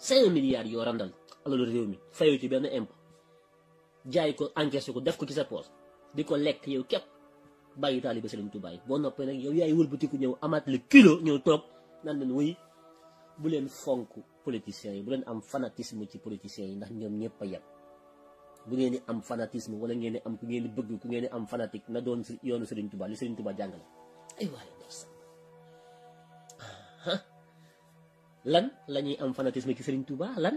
cinq milliards yoo randal alalu réew mi fayoo ci benn impôt jaay ko encaissé ko def ko ci sa poos di ko lekk yow képp bàyyi taalibe Sëriñ Tuubaa yi boo noppee nag yow yaay wëlbatiku ñëw amaat le kilo ñëw toog naan leen wuy bu leen fonk politiciens yi bu leen am fanatisme ci politiciens yi ndax ñoom ñëpp a yem bu ngeen di am fanatisme wala ngeen di am ku ngeen di bëgg ku ngeen di am fanatique na doon yoonu Sëriñ Tuubaa li Sëriñ Tuubaa jàngale ay waay lan la ñuy am fanatisme ci Serigne Touba lan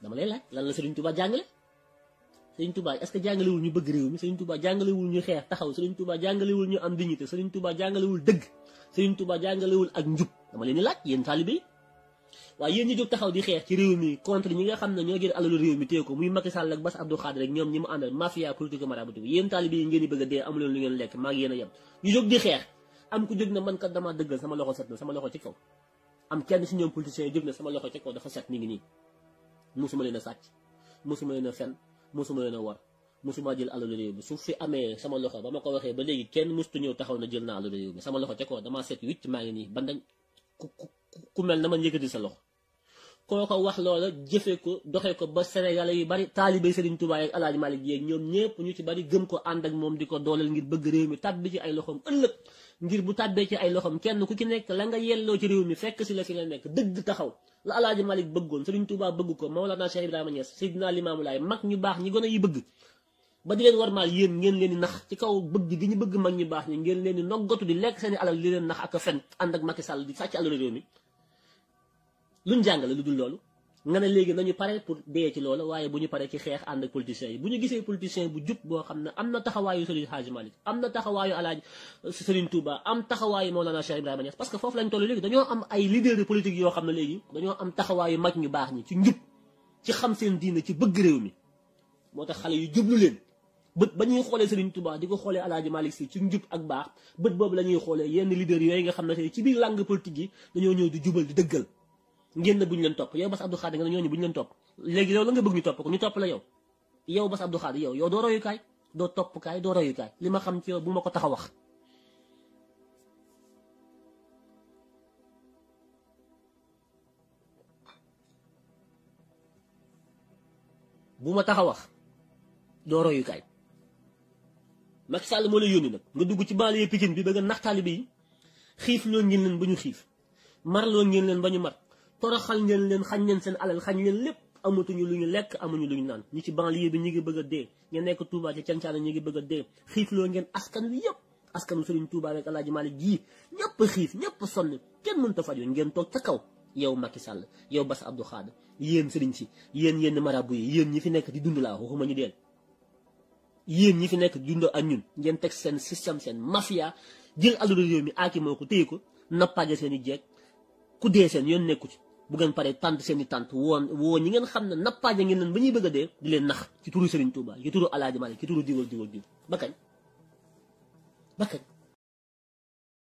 dama lay laaj lan la Serigne Touba jàngale Serigne Touba est-ce que jàngalewul ñu bëgg réew mi Serigne Touba jàngalewul taxaw Serigne Touba ñu am dignité Serigne Touba jàngalewul dëgg Serigne Touba jàngalewul ak njub dama leen di laaj yéen taalibe yi waaye yéen ñi jóg taxaw di xeex ci réew mi contre ñi nga xam ne ñoo jël alalu réew mi téye muy Macky Sall ak Bass Abdou rek ñoom ñi mu àndal mafia politique marabout bi yéen taalibe yi ngeen bëgg a dee amuleen lu ngeen lekk maa xeex am ku jóg na man kat damaa dëggal sama loxo set na sama loxo ci kaw am kenn si ñoom politiciens yi jóg na sama loxo ci kaw dafa set mi ngi nii musuma leen a sàcc musuma leen a fen musuma leen a war musuma jël alalu réew mi fi amee sama loxo ba ma ko waxee ba léegi kenn mustu ñëw taxaw na jël naa alalu réew mi sama loxo ci kaw damaa set wicc maa ngi nii ban dañ ku ku mel na man yëkkati sa loxo koo wax loola jëfee ko doxee ko ba sénégalais yu bari taalibe Serigne Touba ak El Hadj Malick yeeg ñoom ñëpp ñu ci bari gëm ko ànd ak moom di ko dooleel ngir bëgg réew mi tàbbi ci ay loxoom ëllëg ngir bu tàbbee ci ay loxoom kenn ku ci nekk la nga yelloo ci réew mi fekk si la fi la nekk dëgg taxaw la alaaji malik bëggoon sëriñ Tuubaa bëgg ko Mawlana Cheikh Ibrahima Niass Seydina Limaamu Laay mag ñu baax ñi gën a yi bëgg ba di leen warmaal yéen ngeen leen di nax ci kaw bëgg gi ñu bëgg mag ñu baax ñi ngeen leen di noggatu di lekk seeni alal di leen nax ak fen ànd ak Macky Sall di sàcc alal réew mi luñ jàngale lu dul loolu nga ne léegi nañu pare pour dee ci loola waaye bu ñu paree ci xeex ànd ak politiciens yi bu ñu gisee politicien bu jub boo xam ne am na taxawaayu Serigne Hadj Malick am na taxawaayu alaaj euh, Serigne am taxawaayu Maolana Cheikh que foofu lañ toll léegi dañoo am ay leader de politique yoo xam ne léegi dañoo am taxawaayu mag ñu baax ñi ci njub ci xam seen diine ci bëgg réew mi moo tax xale yu jublu leen bët ba ñuy xoolee Serigne Touba di ko xoolee Alaaji Malick Si ci njub ak baax bët boobu la ñuy xoolee yenn leader yooyu nga xam ne tey ci biir langue politique yi dañoo ñëw di jubal di dëggal ngeen na bu ñu leen topp yow Bass Abdou Khadre nga ne ñooñu bu ñu leen topp topp ko ñu yow yow Bass Abdou yow yow doo royukaay doo toppukaay doo royukaay li ma xam ci yow bu ma ko tax a wax. ma tax wax doo royukaay Macky Sall moo lay yónni nag nga dugg ci banlieue Pikine bi ba nga nax taalibe yi xiif loo ngeen leen ba ñu xiif mar loo ngeen leen ba ñu mar. toroxal ngeen leen xañ leen seen alal xañ leen lépp amatuñu lu ñu lekk amuñu lu ñu naan ñi ci banlieue bi ñu ngi bëgg a dee ñu nekk Touba ci cancaana ñu ngi bëgg a dee xiifloo ngeen askan wi yëpp askanu Serigne Touba rek Alaaji Maalik jii ñëpp xiif ñëpp sonn kenn mënta faju ngeen toog ca kaw yow Macky Sall yow Bass Abdou Khadre yéen sëriñ si yéen yenn marabu yi yéen ñi fi nekk di dund laa waxuma ñu deel ñi fi nekk di ak ñun ngeen teg seen système seen mafia jël alalu réew mi aaki moo ko téye ko nappaaje seen i jeeg ku dee seen yoon nekku ci bu ngeen paree tànt seeni tànt woon woo ñi ngeen xam ne nappaaje ngeen leen ba ñuy bëgg dee di leen nax ci turu Serigne Touba ci turu Alaaji Maalik ci turu diwal diwal diw ba kañ ba kañ